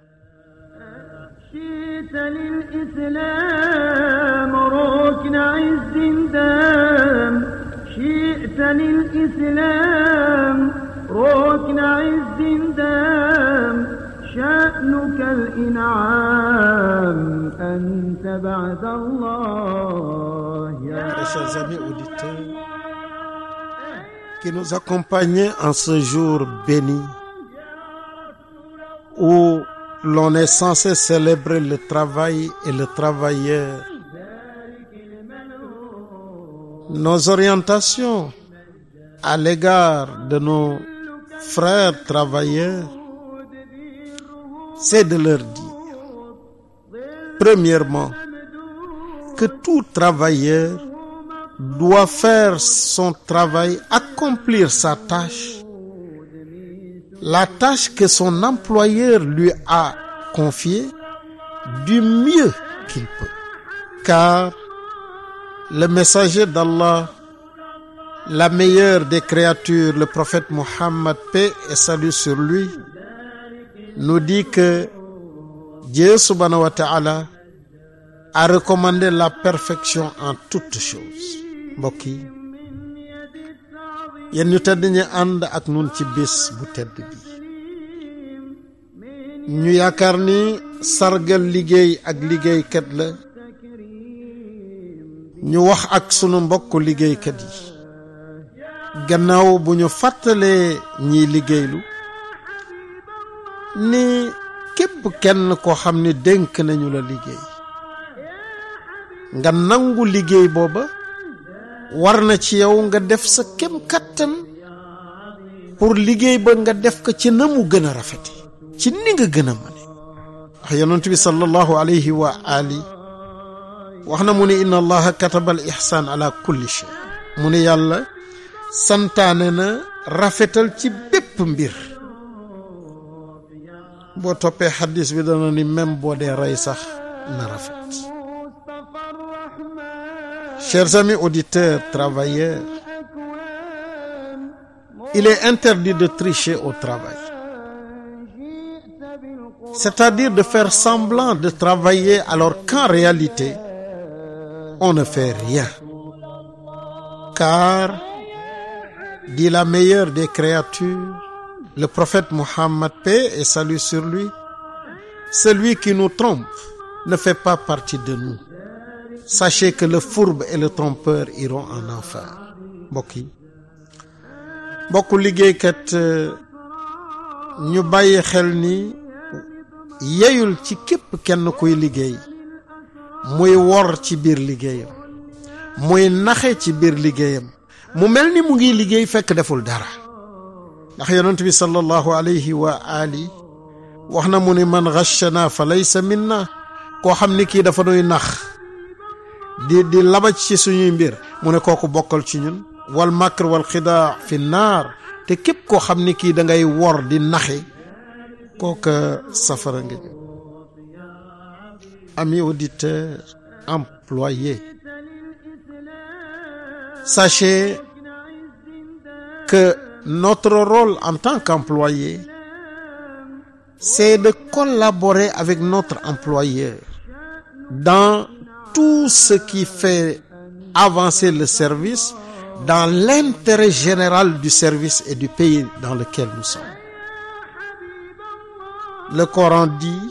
Chers amis auditeurs qui nous accompagnait en ce jour béni où l'on est censé célébrer le travail et le travailleur. Nos orientations à l'égard de nos frères travailleurs, c'est de leur dire, premièrement, que tout travailleur doit faire son travail, accomplir sa tâche, la tâche que son employeur lui a confiée du mieux qu'il peut. Car le messager d'Allah, la meilleure des créatures, le prophète Mohammed, paix et salut sur lui, nous dit que Dieu subhanahu a recommandé la perfection en toutes choses. mbokk yi yéen ñu tedd ñi ànd ak nun ci bis bu tedd bi ñu yaakaar ni sargal liggéey ak liggéeykat la ñu wax ak sunu mbokk liggéeykat yi gannaaw bu ñu fàttalee ñiy liggéeylu ni képp kenn koo xam ni dénk nañu la liggéey nga nangu liggéey booba war na ci yow nga def sa kem kattan pour liggéey ba nga def ko ci na mu gën a rafete ci ni nga gën a mane wax yonent bi sallallahu alayhi wax na mu ne inna allaha kataba al ihsan ala kulli shay mu ne yàlla santaane na rafetal ci bépp mbir boo toppee xaddis bi dana ni même boo dee rey sax na rafet Chers amis auditeurs, travailleurs, il est interdit de tricher au travail, c'est-à-dire de faire semblant de travailler alors qu'en réalité, on ne fait rien. Car, dit la meilleure des créatures, le prophète Mohammed, paix et salut sur lui, celui qui nous trompe ne fait pas partie de nous. sachez que le fourbe et le trompeur iront en enfer mbokk yi mbokku liggéeykat euh, ñu bàyyi xel ni yeyul ci képp kenn kuy liggéey mooy wor ci biir liggéeyam muy naxe ci biir liggéeyam mu mel ni mu ngi liggéey fekk deful dara ndax yonent bi sallallahu alayhi wa ali wax na mu ni man ghashana fa laysa minna koo xam ni kii dafa nuy nax di di labaj ci suñuy mbir mu ne kooku bokkal ci ñun wal makr wal xidaa fi naar te képp koo xam ni kii da ngay wor di naxi kooka safara nga jëm amis auditeurs employés sachez que notre rôle en tant qu'employé c'est de collaborer avec notre employeur dans tout ce qui fait avancer le service dans l'intérêt général du service et du pays dans lequel nous sommes. Le Coran dit,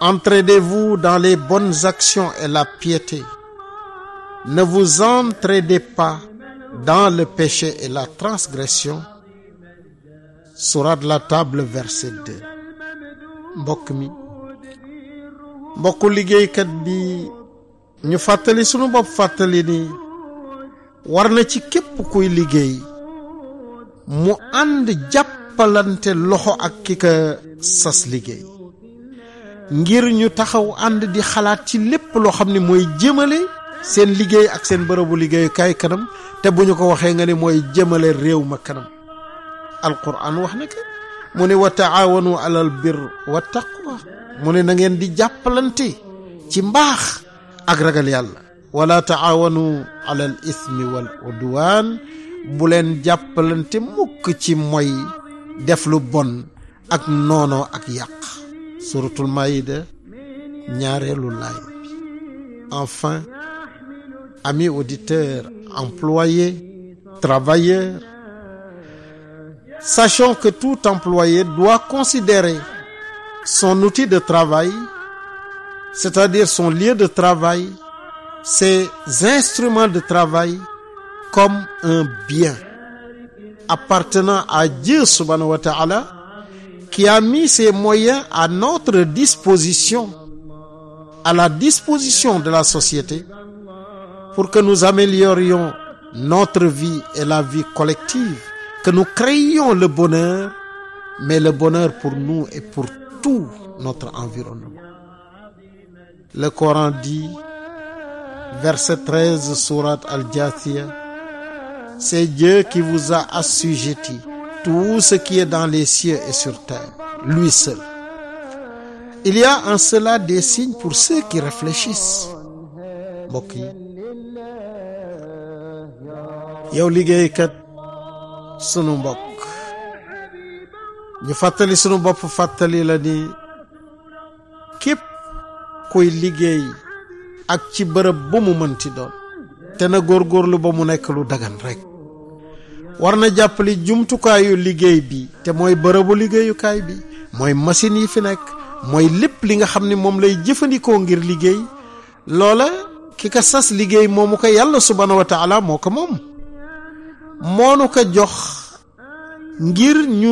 entraidez-vous dans les bonnes actions et la piété. Ne vous entraidez pas dans le péché et la transgression. Sourate La Table, verset 2. Mbokk mi mbokku liggéeykat bi ñu fàttali sunu bopp fàttali ni war na ci képp kuy liggéey mu ànd jàppalante loxo ak ki ka sas liggéey ngir ñu taxaw ànd di xalaat ci lépp loo xam ne mooy jëmale seen liggéey ak seen bërëbu liggéeyukaay kanam te bu ñu ko waxee nga ne mooy jëmale réew ma kanam alquran wax na ko mu ne wa taawanu alal bir wa taqwa mu ne na ngeen di jàppalante ci mbaax ak ragal yàlla wala taawanu alal ismi wal udwaan bu leen jàppalante mukk ci moy def lu bon ak noonoo ak yàq suratul maïda ñaareelu laay bi enfin amis auditeurs employés travailleurs sachant que tout employé doit considérer son outil de travail, c'est-à-dire son lieu de travail, ses instruments de travail comme un bien appartenant à Dieu subhanahu wa ta'ala qui a mis ses moyens à notre disposition, à la disposition de la société, pour que nous améliorions notre vie et la vie collective que nous créions le bonheur, mais le bonheur pour nous et pour tout notre environnement. Le Coran dit, verset 13, sourate Al-Jathia, c'est Dieu qui vous a assujetti tout ce qui est dans les cieux et sur terre, lui seul. Il y a en cela des signes pour ceux qui réfléchissent. mbokk yi sunu mbokk ñu fàttali sunu bopp fàttali la ni képp kuy liggéey ak ci bërëb bu mu mënti doon te na góor góorgóorlu ba mu nekk lu dagan rekk war na jàppali jumtukaayu liggéey bi te mooy bërëbu liggéeyukaay bi mooy machine yi fi nekk mooy lépp li nga xam ni moom lay jëfandikoo ngir liggéey loola ki ko sas liggéey moomu ko yàlla subhaanahu wa taala moo ko moom moonu ko jox ngir ñu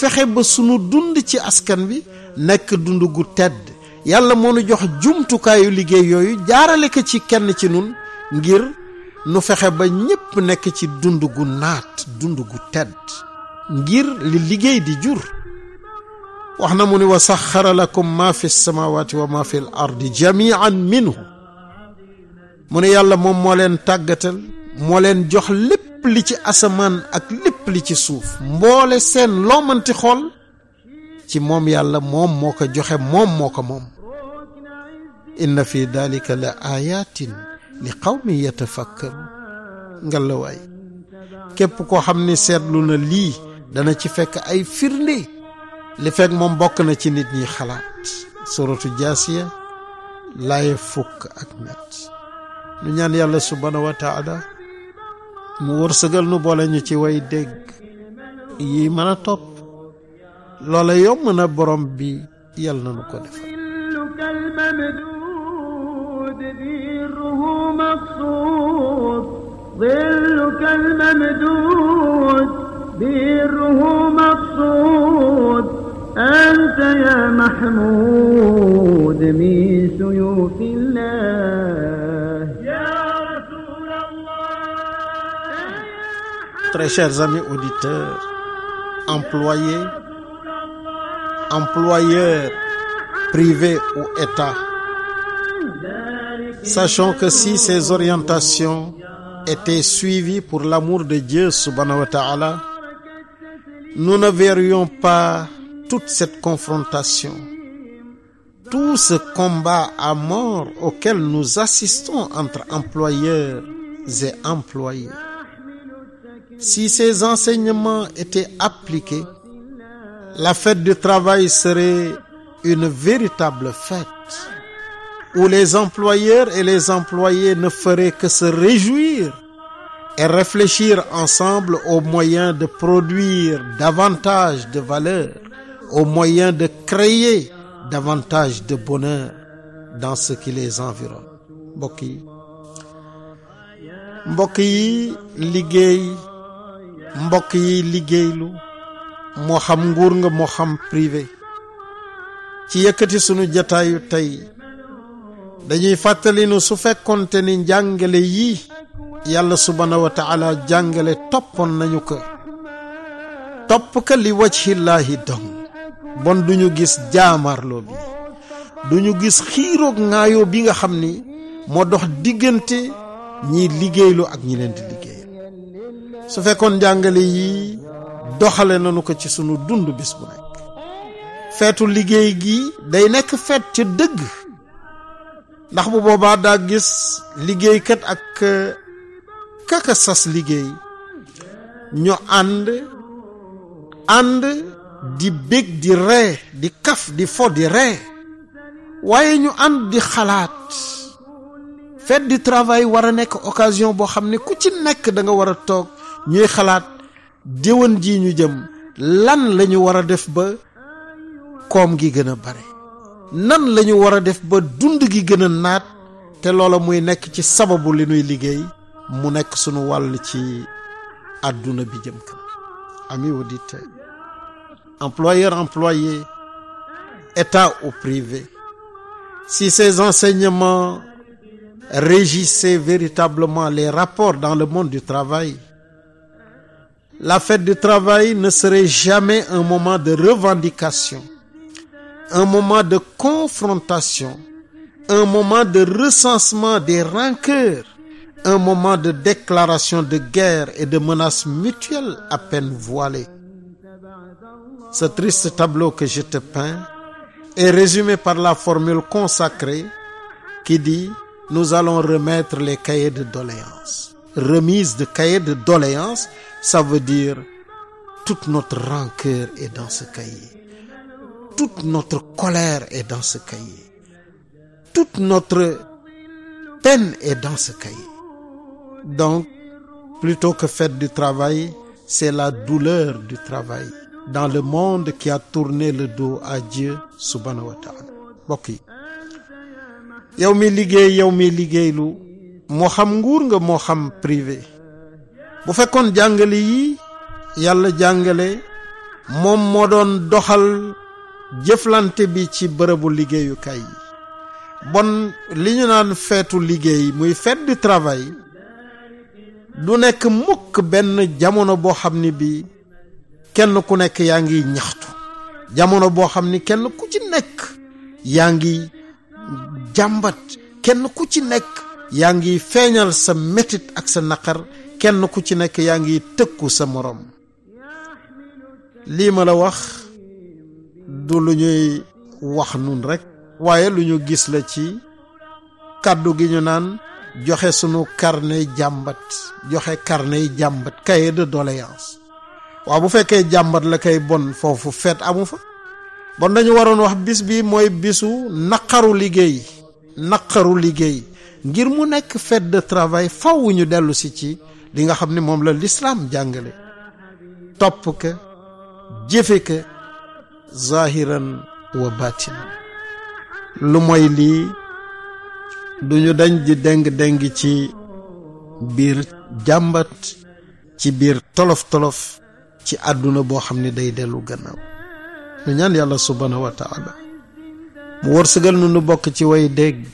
fexe ba sunu dund ci askan bi nekk dund gu tedd yàlla moo moonu jox jumtukaayu liggéey yooyu jaarale ko ci kenn ci nun ngir nu fexe ba ñépp nekk ci dund gu naat dund gu tedd ngir li liggéey di jur wax na mu ni wa saxara lakum ma fi samawati wa ma fi l ardi jamian mu ne yàlla moom moo leen tàggatal moo leen jox lépp lépp li ci asamaan ak lépp li ci suuf mboole seen lomanti xool ci moom yàlla moom moo ko joxe moom moo ko moom inna fi dalika la ayatin li qawmi yatafakkaru ngelawaay képp koo xam ni seetlu na lii dana ci fekk ay firnde li fekk moom bokk na ci nit ñi xalaat suratu jaasiya laaye fukk ak ñett ñu ñaan yàlla subhanahu wa mu wërsëgal nu boole ñu ci way dégg yi mën a topp loola yomb na borom bi yal na nu ko defal anta ya mahmud min suyufillah Très chers amis auditeurs, employés, employeurs privés ou État, sachons que si ces orientations étaient suivies pour l'amour de Dieu subhanahu wa ta'ala, nous ne verrions pas toute cette confrontation, tout ce combat à mort auquel nous assistons entre employeurs et employés. Si ces enseignements étaient appliqués, la fête du travail serait une véritable fête où les employeurs et les employés ne feraient que se réjouir et réfléchir ensemble aux moyens de produire davantage de valeur, aux moyens de créer davantage de bonheur dans ce qui les environne. mbokk yi mbokk yi liggéey mbokk yi liggéeylu moo xam nguur nga moo xam privé ci yëkkati sunu jataayu tey dañuy fàttali nu su fekkonte ni njàngale yii yàlla subhaanahu wa taala jàngale toppoon nañu ko topp ka li wajhillaahi dong bon duñu gis jaamarloo bi gis xiiroog bi nga xam ni moo dox diggante ñiy liggéeylu ak ñi leen di liggéey su fekkoon jàngale yi doxale nañu ko ci sunu dund bis bu nekk feetu liggéey gi day nekk feet ca dëgg ndax bu boobaa daa gis liggéeykat ak kaka liggéey ñu ànd ànd di bég di ree di kaf di fo di ree waaye ñu ànd di xalaat fête di travail war a nekk occasion boo xam ne ku ci nekk danga war a toog ñuy xalaat déwén ji ñu jëm lan la ñu war a def ba koom gi gën a bare nan la ñu war a def ba dund gi gën a naat te loola muy nekk ci sababu li nuy liggéey mu nekk sunu wàll ci àdduna bi jëm kanam amis auditeurs employeur employé état ou privé si ces enseignements régissaient véritablement les rapports dans le monde du travail La fête du travail ne serait jamais un moment de revendication, un moment de confrontation, un moment de recensement des rancœurs, un moment de déclaration de guerre et de menaces mutuelles à peine voilées. Ce triste tableau que je te peins est résumé par la formule consacrée qui dit, nous allons remettre les cahiers de doléances. remise de cahier de doléances, ça veut dire toute notre rancœur est dans ce cahier. Toute notre colère est dans ce cahier. Toute notre peine est dans ce cahier. Donc, plutôt que faire du travail, c'est la douleur du travail dans le monde qui a tourné le dos à Dieu subhanahu moo xam nguur nga moo xam privé bu fekkoon jàngale yi yàlla jàngale moom moo doon doxal jëflante bi ci bërëbu liggéeyukaay yi bon li ñu naan feetu liggéey muy fête du travail du nekk mukk benn jamono boo xam ni bi kenn ku nekk yaa ngi ñaxtu jamono boo xam ni kenn ku ci nekk yaa ngi jàmbat kenn ku ci nekk yaa ngi feeñal sa metit ak sa naqar kenn ku ci nekk yaa ngi tëkku sa moroom lii ma la wax du lu ñuy wax nun rekk waaye lu ñu gis la ci kàddu gi ñu naan joxe sunu carnet jàmbat joxe carnet jàmbat cahier de doléance waa bu fekkee jàmbat la kay bon foofu feet amu fa bon dañu waroon wax bis bi mooy bisu naqaru liggéey naqaru liggéey ngir mu nekk fête de travail faw ñu dellu ci li nga xam ne moom la lislaam jàngale topp ka jëfe ka zahiran wa batinan lu mooy lii duñu dañ di déng-déng ci biir jàmbat ci biir tolof-tolof ci àdduna boo xam ne day dellu gannaaw ñu ñaan yàlla subhaanahu wa mu wërsëgal nu nu bokk ci way dégg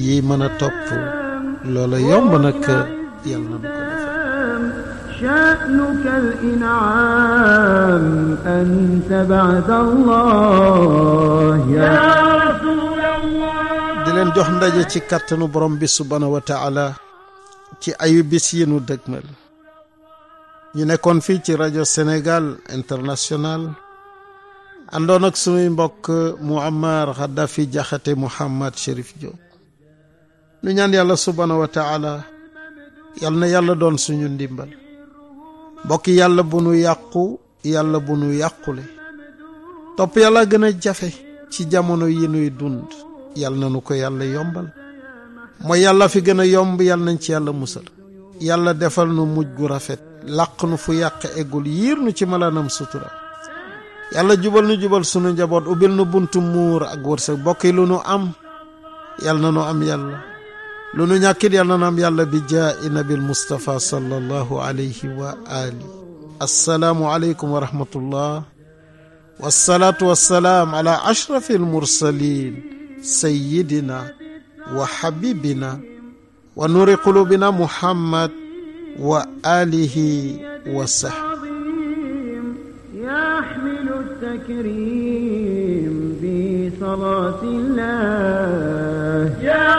yi mën a topp loola yomb nag yàlla na ko شأنك الإنعام أنت بعد الله يا رسول الله di leen jox ndaje ci kàttanu borom bi subhaanahu wa taala ci ayu bis yi nu dëgmal ñu nekkoon fii ci rajo senegal international àndoon ak sunuy mbokk Mouammar Khadafi Jaxate Mouhammad Chérif Diop nu ñaan yàlla subhaanahu wa taala yal na yàlla doon suñu ndimbal mbokki yàlla bu nu yàqu yàlla bu nu yàqule topp yàlla gën a jafe ci jamono yi nuy dund yal na nu ko yàlla yombal mooy yàlla fi gën a yomb yal nañ ci yàlla musal yàlla defal nu mujj gu rafet làq nu fu yàq eggul yiir nu ci malaanam sutura yàlla jubal nu jubal sunu njaboot ubbil nu buntu muur ak wërsëg bokki lu nu am yal na nu am yàlla lu nu ñàkkit yàlla na am yàlla bi jaa i nabil Mustafa sallallahu alayhi wa ali assalaamu aleykum wa rahmatullah wassalaatu wassalaam ala ashrafi almursalin sayidina wa habibina wa nuuri qulubina muhammad wa alihi wa sahbi